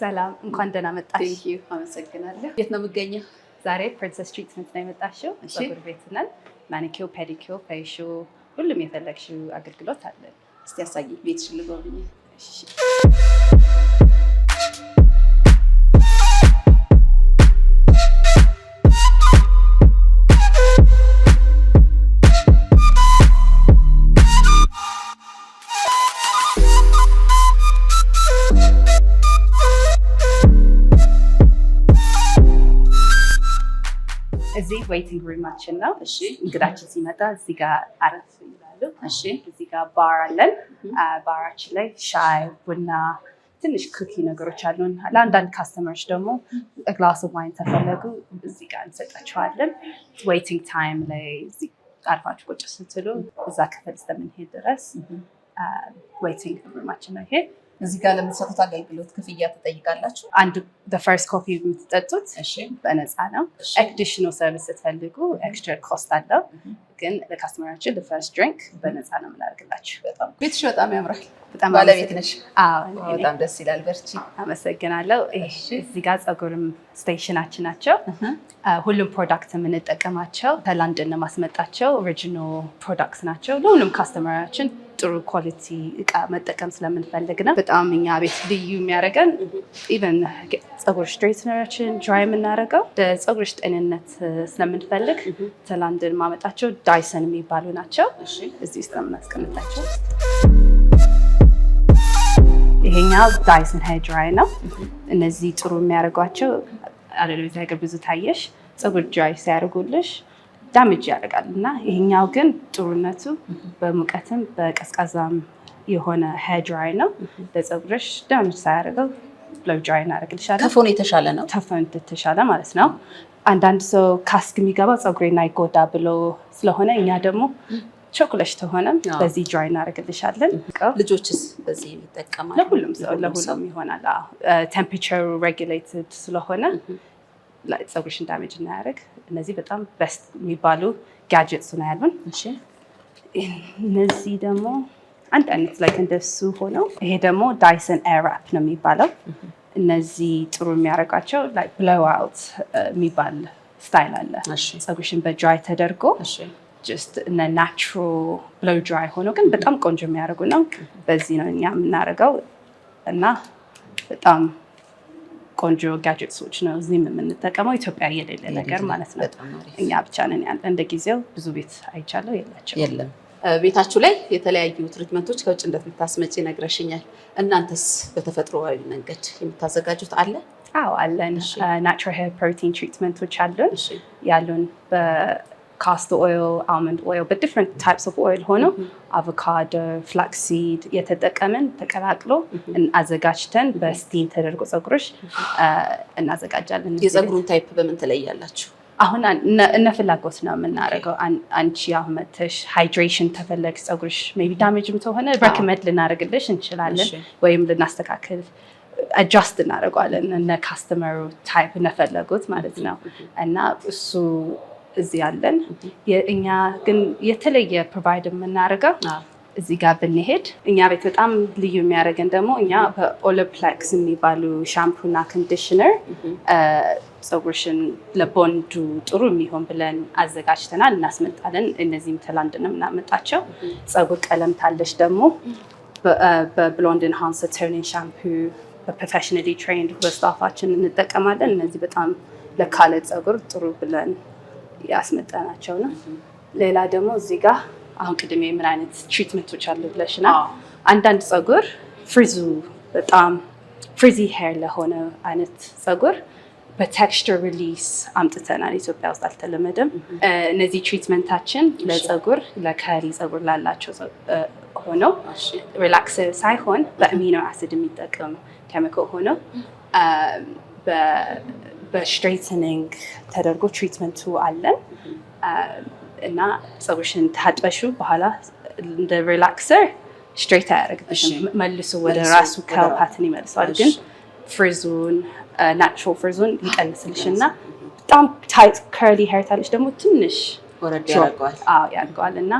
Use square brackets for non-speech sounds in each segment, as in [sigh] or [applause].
ሰላም፣ እንኳን ደህና መጣሽ። አመሰግናለሁ። የት ነው የምገኘው? ዛሬ ፕሪንሰስ ትሪትመንት ነው የመጣሽው። ጸጉር ቤት ነን። ማኒኪዮ፣ ፔዲኪዮ፣ ፈይሹ፣ ሁሉም የፈለግሽው አገልግሎት አለን። እስቲ ያሳይ ቤትሽን ልጎብኝ። ዌይቲንግ ሩማችን ነው። እሺ እንግዳችን ሲመጣ እዚህ ጋር አረፍ ይላሉ። እሺ እዚህ ጋር ባር አለን። ባራችን ላይ ሻይ፣ ቡና፣ ትንሽ ኩኪ ነገሮች አሉን። ለአንዳንድ ካስተመሮች ደግሞ ግላስ ዋይን ተፈለጉ እዚህ ጋር እንሰጣቸዋለን። ዌይቲንግ ታይም ላይ አርፋችሁ ቁጭ ስትሉ እዛ ክፍል እስከምንሄድ ድረስ ዌይቲንግ ሩማችን ነው ይሄ። እዚህ ጋር ለምትሰጡት አገልግሎት ክፍያ ትጠይቃላችሁ። አንድ በፈርስት ኮፊ የምትጠጡት በነፃ ነው። አዲሽናል ሰርቪስ ስትፈልጉ ኤክስትራ ኮስት አለው፣ ግን ለካስተመራችን ፈርስት ድሪንክ በነፃ ነው የምናደርግላችሁ። ቤትሽ በጣም ያምራል። በጣም ባለቤት ነሽ። በጣም ደስ ይላል። በርቺ። አመሰግናለሁ። እዚህ ጋር ፀጉርም ስቴሽናችን ናቸው። ሁሉም ፕሮዳክት የምንጠቀማቸው ከላንድን ማስመጣቸው ኦሪጂናል ፕሮዳክት ናቸው። ለሁሉም ካስተመራችን ጥሩ ኳሊቲ እቃ መጠቀም ስለምንፈልግ ነው። በጣም እኛ ቤት ልዩ የሚያደርገን ኢቨን ፀጉር ስትሬትነራችን ድራይ የምናደርገው ለፀጉርሽ ጤንነት ስለምንፈልግ ተላንድን ማመጣቸው ዳይሰን የሚባሉ ናቸው። እዚህ ውስጥ ለምናስቀምጣቸው ይሄኛው ዳይሰን ሄር ድራይ ነው። እነዚህ ጥሩ የሚያደርጓቸው አለዚ ሀገር ብዙ ታየሽ ፀጉር ድራይ ሲያደርጉልሽ ዳሜጅ ያደርጋል እና ይሄኛው ግን ጥሩነቱ በሙቀትም በቀዝቃዛም የሆነ ሄር ድራይ ነው። ለፀጉርሽ ዳሜጅ ሳያደርገው ብሎው ድራይ እናደርግልሻለን። ተፎን የተሻለ ነው። ተፎን የተሻለ ማለት ነው። አንዳንድ ሰው ካስክ የሚገባው ፀጉሬን አይጎዳ ብሎ ስለሆነ እኛ ደግሞ ቸኩለሽ ተሆነ በዚህ ድራይ እናደርግልሻለን። ልጆችስ በዚህ ይጠቀማል። ለሁሉም ሰው ለሁሉም ይሆናል። ቴምፕቸሩ ሬጊሌትድ ስለሆነ ፀጉርሽን ዳሜጅ እናያደርግ። እነዚህ በጣም በስት የሚባሉ ጋጀትስ ነው ያሉን። እነዚህ ደግሞ አንድ አይነት ላይ እንደሱ ሆነው፣ ይሄ ደግሞ ዳይሰን ኤራፕ ነው የሚባለው። እነዚህ ጥሩ የሚያደርጋቸው ብለው አውት የሚባል ስታይል አለ። ፀጉርሽን በድራይ ተደርጎ እነ ናቹራል ብለው ድራይ ሆኖ ግን በጣም ቆንጆ የሚያደርጉ ነው። በዚህ ነው እኛ የምናደርገው እና በጣም ቆንጆ ጋጀትሶች ነው እዚህም የምንጠቀመው። ኢትዮጵያ የሌለ ነገር ማለት ነው። እኛ ብቻ ነን ያለ። እንደ ጊዜው ብዙ ቤት አይቻለው የላቸው የለም። ቤታችሁ ላይ የተለያዩ ትሪትመንቶች ከውጭ እንደምታስመጪ ነግረሽኛል። እናንተስ በተፈጥሮዊ መንገድ የምታዘጋጁት አለ? አዎ አለን። ናቹራል ሄር ፕሮቲን ትሪትመንቶች አሉን ያሉን ካስት ኦይል፣ አልመንድ ኦይል በዲፍረንት ታይፕስ ኦፍ ኦይል ሆነው አቮካዶ፣ ፍላክሲድ የተጠቀምን ተቀላቅሎ mm-hmm. አዘጋጅተን mm-hmm. በስቲም ተደርጎ ፀጉሮች mm-hmm. እናዘጋጃለን። የፀጉሩን ታይፕ በምን ትለያላችሁ? አሁን እነ ፍላጎት ነው የምናደርገው። አንቺ አሁን መተሽ ሃይድሬሽን ተፈለግ ፀጉርሽ ሜይ ቢ ዳሜጅም ተሆነ ረክመድ ልናደርግልሽ እንችላለን ወይም ልናስተካክል አጃስት እናደርገዋለን እነ ካስተመሩ ታይፕ እነፈለጉት ማለት ነው እና እሱ እዚህ ያለን እኛ ግን የተለየ ፕሮቫይድ የምናደርገው እዚህ ጋር ብንሄድ እኛ ቤት በጣም ልዩ የሚያደርገን ደግሞ እኛ በኦሎፕላክስ የሚባሉ ሻምፑና ኮንዲሽነር ፀጉርሽን ለቦንዱ ጥሩ የሚሆን ብለን አዘጋጅተናል፣ እናስመጣለን። እነዚህም ተላንድን እናመጣቸው። ፀጉር ቀለም ታለሽ ደግሞ በብሎንድ ኢንሃንስ ተርኒን ሻምፑ በፕሮፌሽናሊ ትሬንድ በስታፋችን እንጠቀማለን። እነዚህ በጣም ለካለ ፀጉር ጥሩ ብለን ያስመጠናቸው ነው። ሌላ ደግሞ እዚህ ጋር አሁን ቅድሜ ምን አይነት ትሪትመንቶች አሉ ብለሽናል። አንዳንድ ፀጉር ፍሪዙ በጣም ፍሪዚ ሄር ለሆነ አይነት ፀጉር በቴክስቸር ሪሊስ አምጥተናል። ኢትዮጵያ ውስጥ አልተለመደም። እነዚህ ትሪትመንታችን ለፀጉር ለከሪ ፀጉር ላላቸው ሆነው ሪላክስ ሳይሆን በአሚኖ አሲድ የሚጠቀም ኬሚካል ሆነው በስትሬትኒንግ ተደርጎ ትሪትመንቱ አለን እና ፀጉርሽን ታጥበሹ በኋላ እንደ ሪላክሰር ስትሬት አያደርግብሽም። መልሶ ወደ ራሱ ከውሃትን ይመልሰዋል። ግን ፍርዙን ናቹራል ፍርዙን ይቀንስልሽ እና በጣም ታይት ከርሊ ሄርታለች ደግሞ ትንሽ ያድገዋል እና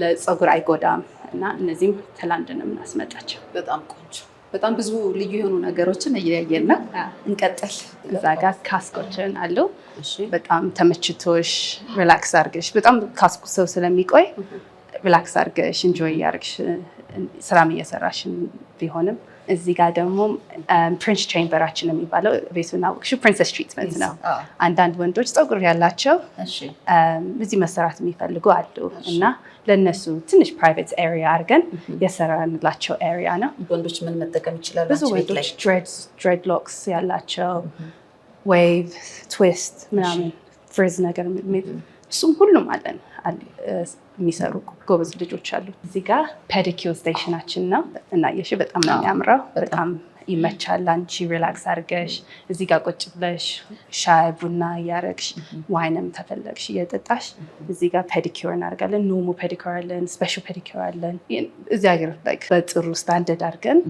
ለፀጉር አይጎዳም እና እነዚህም ከላንድን የምናስመጣቸው በጣም ቆንጆ በጣም ብዙ ልዩ የሆኑ ነገሮችን እያየን ነው። እንቀጥል። እዛ ጋር ካስኮችን አሉ። በጣም ተመችቶሽ ሪላክስ አድርገሽ በጣም ካስኩ ሰው ስለሚቆይ ሪላክስ አድርገሽ እንጆይ አድርገሽ ስራም እየሰራሽን ቢሆንም እዚህ ጋር ደግሞ ፕሪንስ um, ቼምበራችን የሚባለው ቤቱና ወቅሹ ፕሪንሰስ ትሪትመንት ነው። ah. አንዳንድ ወንዶች ፀጉር ያላቸው um, እዚህ መሰራት የሚፈልጉ አሉ እና ለእነሱ ትንሽ ፕራይቬት ኤሪያ አድርገን የሰራንላቸው ኤሪያ ነው። ወንዶች ምን መጠቀም ይችላሉ? ብዙ ወንዶች ድሬድ ሎክስ ያላቸው ዌይቭ፣ ትዊስት ምናምን ፍሪዝ ነገር እሱም ሁሉም አለን የሚሰሩ ጎበዝ ልጆች አሉ። እዚህ ጋር ፔዲኪር ስቴሽናችን ነው እና የሺ በጣም ነው የሚያምረው። በጣም ይመቻል። አንቺ ሪላክስ አድርገሽ እዚህ ጋር ቁጭ ብለሽ ሻይ ቡና እያረግሽ ዋይንም ተፈለግሽ እየጠጣሽ እዚህ ጋር ፔዲኪር እናደርጋለን። ኖርሞ ፔዲኪር አለን፣ ስፔሻል ፔዲኪር አለን። እዚህ ሀገር በጥሩ ስታንደርድ አድርገን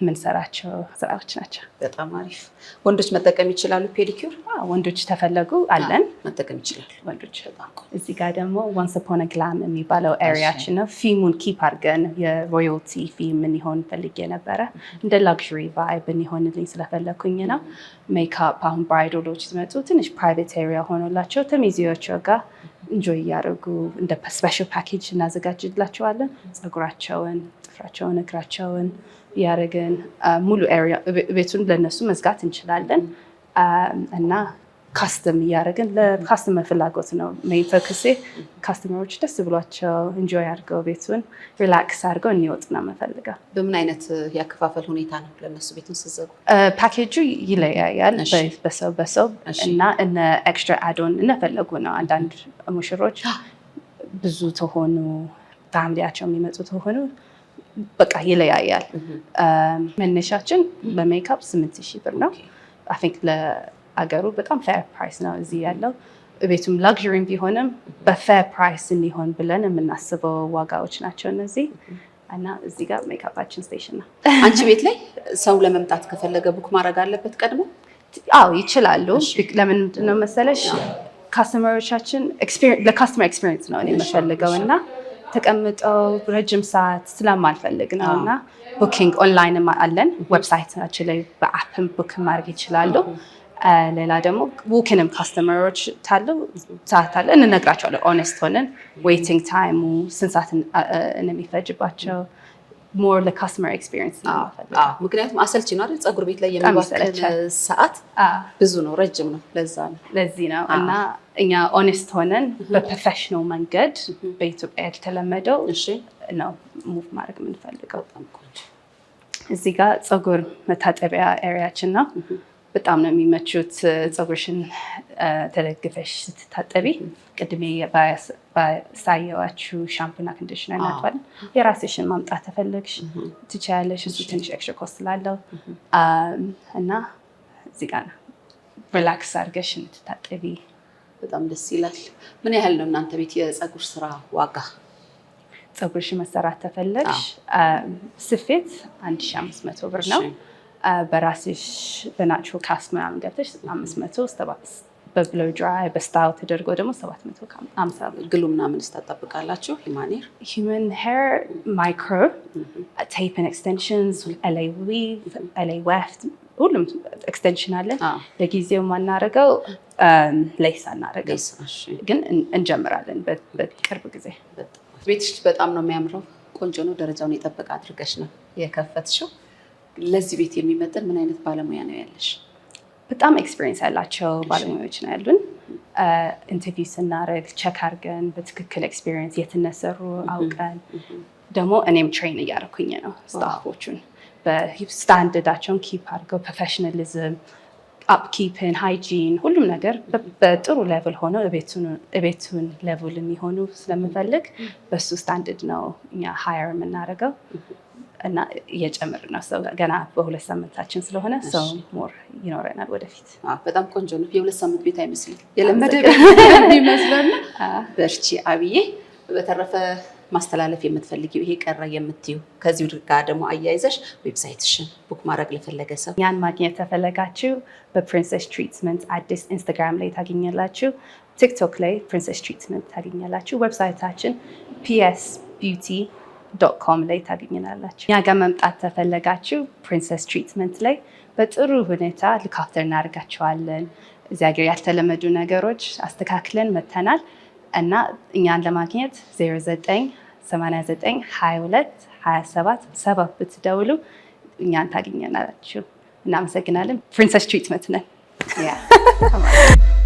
የምንሰራቸው ስራዎች ናቸው። በጣም አሪፍ። ወንዶች መጠቀም ይችላሉ ፔዲኪር? ወንዶች ተፈለጉ አለን መጠቀም ይችላሉ ወንዶች። እዚህ ጋር ደግሞ ዋንስ ፖነ ግላም የሚባለው ኤሪያችን ነው። ፊሙን ኪፕ አድርገን የሮያልቲ ፊም የምንሆን ፈልጌ ነበረ። እንደ ላግሪ ቫይብ እንዲሆንልኝ ስለፈለግኩኝ ነው። ሜካፕ አሁን ብራይዶሎች ሲመጡ ትንሽ ፕራይቬት ኤሪያ ሆኖላቸው ተሚዜዎቻቸው ጋር እንጆይ እያደረጉ እንደ ስፔሻል ፓኬጅ እናዘጋጅላቸዋለን። ፀጉራቸውን ስፍራቸውን እግራቸውን ያደረግን ሙሉ ቤቱን ለነሱ መዝጋት እንችላለን እና ካስተም እያደረግን ለካስተመር ፍላጎት ነው ሜይን ፎከሴ። ካስተመሮች ደስ ብሏቸው እንጆይ አድርገው ቤቱን ሪላክስ አድርገው እንዲወጡ ነው የምፈልገው። በምን አይነት ያከፋፈል ሁኔታ ነው ለነሱ ቤቱን ስዘጉ? ፓኬጁ ይለያያል በሰው በሰው እና እነ ኤክስትራ አዶን እነፈለጉ ነው። አንዳንድ ሙሽሮች ብዙ ተሆኑ ፋሚሊያቸው የሚመጡ ተሆኑ በቃ ይለያያል። መነሻችን በሜካፕ ስምንት ሺህ ብር ነው። አይ ቲንክ ለአገሩ በጣም ፌር ፕራይስ ነው እዚህ ያለው። ቤቱም ላግዥሪም ቢሆንም በፌር ፕራይስ እንዲሆን ብለን የምናስበው ዋጋዎች ናቸው እነዚህ እና እዚህ ጋር ሜካፓችን ስቴሽን ነው። [laughs] አንቺ ቤት ላይ ሰው ለመምጣት ከፈለገ ቡክ ማድረግ አለበት ቀድሞ? አዎ ይችላሉ። ለምንድን ነው መሰለሽ ካስተመሮቻችን ለካስተመር ኤክስፒሪየንስ ነው እኔ የምፈልገው እና ተቀምጠው ረጅም ሰዓት ስለማልፈልግ ነው እና ቡኪንግ ኦንላይንም አለን ዌብሳይታችን ላይ በአፕም ቡክ ማድረግ ይችላሉ። ሌላ ደግሞ ቡክንም ካስተመሮች ታሉ ሰዓት አለ እንነግራቸዋለን። ኦነስት ሆነን ዌይቲንግ ታይሙ ስንት ሰዓት እንደሚፈጅባቸው ሞር ለካስተመር ኤክስፒሪየንስ ምክንያቱም አሰልቺ ነው አይደል? ፀጉር ቤት ላይ የሚባክል ሰዓት ብዙ ነው፣ ረጅም ነው። ለዛ ነው ለዚህ ነው እና እኛ ኦኔስት ሆነን በፕሮፌሽናል መንገድ በኢትዮጵያ ያልተለመደው ነው ሙቭ ማድረግ የምንፈልገው። እዚህ ጋር ፀጉር መታጠቢያ ኤሪያችን ነው። በጣም ነው የሚመቹት። ፀጉርሽን ተደግፈሽ ስትታጠቢ ቅድሜ ባሳየዋችሁ ሻምፑና ኮንዲሽነር ናቷል። የራስሽን ማምጣት ተፈለግሽ ትችያለሽ። እሱ ትንሽ ኤክስትራ ኮስት ስላለው እና እዚህ ጋ ነው ሪላክስ አድርገሽ የምትታጠቢ። በጣም ደስ ይላል። ምን ያህል ነው እናንተ ቤት የፀጉር ስራ ዋጋ? ፀጉርሽ መሰራት ተፈለግሽ ስፌት አንድ አምስት መቶ ብር ነው። በራስሽ በናቹራል ካስት ምናምን ገብተሽ አምስት መቶ በብሎ ድራይ በስታይል ተደርጎ ደግሞ ሰባት መቶ አምሳ ግሉ ምናምን ስታጠብቃላችሁ? ሂማኔር ሂማን ሄር ማይክሮ ቴፕን ኤክስቴንሽንስ ኤልኤ ዊቭ ኤልኤ ዌፍት ሁሉም ኤክስቴንሽን አለን። ለጊዜው የማናደርገው ሌስ አናደርገው፣ ግን እንጀምራለን በቅርብ ጊዜ። ቤትሽ በጣም ነው የሚያምረው፣ ቆንጆ ነው። ደረጃውን የጠበቀ አድርገሽ ነው የከፈትሽው። ለዚህ ቤት የሚመጥን ምን አይነት ባለሙያ ነው ያለሽ? በጣም ኤክስፒሪየንስ ያላቸው ባለሙያዎች ነው ያሉን። ኢንተርቪው ስናደርግ ቸክ አድርገን በትክክል ኤክስፒሪየንስ የት እንደሰሩ አውቀን ደግሞ እኔም ትሬን እያደረኩኝ ነው ስታፎቹን በስታንደርዳቸውን ኪፕ አድርገው ፕሮፌሽናሊዝም፣ አፕኪፕን፣ ሃይጂን ሁሉም ነገር በጥሩ ሌቭል ሆነው እቤቱን ሌቭል የሚሆኑ ስለምፈልግ በሱ ስታንደርድ ነው እኛ ሀየር የምናደርገው። እና እየጨመርን ነው። ሰው ገና በሁለት ሳምንታችን ስለሆነ ሰው ሞር ይኖረናል ወደፊት። በጣም ቆንጆ ነው። የሁለት ሳምንት ቤት አይመስልም፣ የለመደ [laughs] ይመስላል። በርቺ አብዬ። በተረፈ ማስተላለፍ የምትፈልጊው ይሄ ቀረ የምትዩ ከዚሁ ጋር ደግሞ አያይዘሽ ዌብሳይትሽን ቡክ ማድረግ ለፈለገ ሰው ያን ማግኘት ተፈለጋችሁ በፕሪንሰስ ትሪትመንት አዲስ ኢንስታግራም ላይ ታገኛላችሁ። ቲክቶክ ላይ ፕሪንሰስ ትሪትመንት ታገኛላችሁ። ዌብሳይታችን ፒኤስ ቢዩቲ ዶት ኮም ላይ ታገኘናላችሁ። እኛ ጋር መምጣት ተፈለጋችሁ ፕሪንሰስ ትሪትመንት ላይ በጥሩ ሁኔታ ልካፍተር እናደርጋቸዋለን እዚ ሀገር ያልተለመዱ ነገሮች አስተካክለን መተናል እና እኛን ለማግኘት 0989222770 ብትደውሉ እኛን ታገኘናላችሁ። እናመሰግናለን። ፕሪንሰስ ትሪትመንት ነን።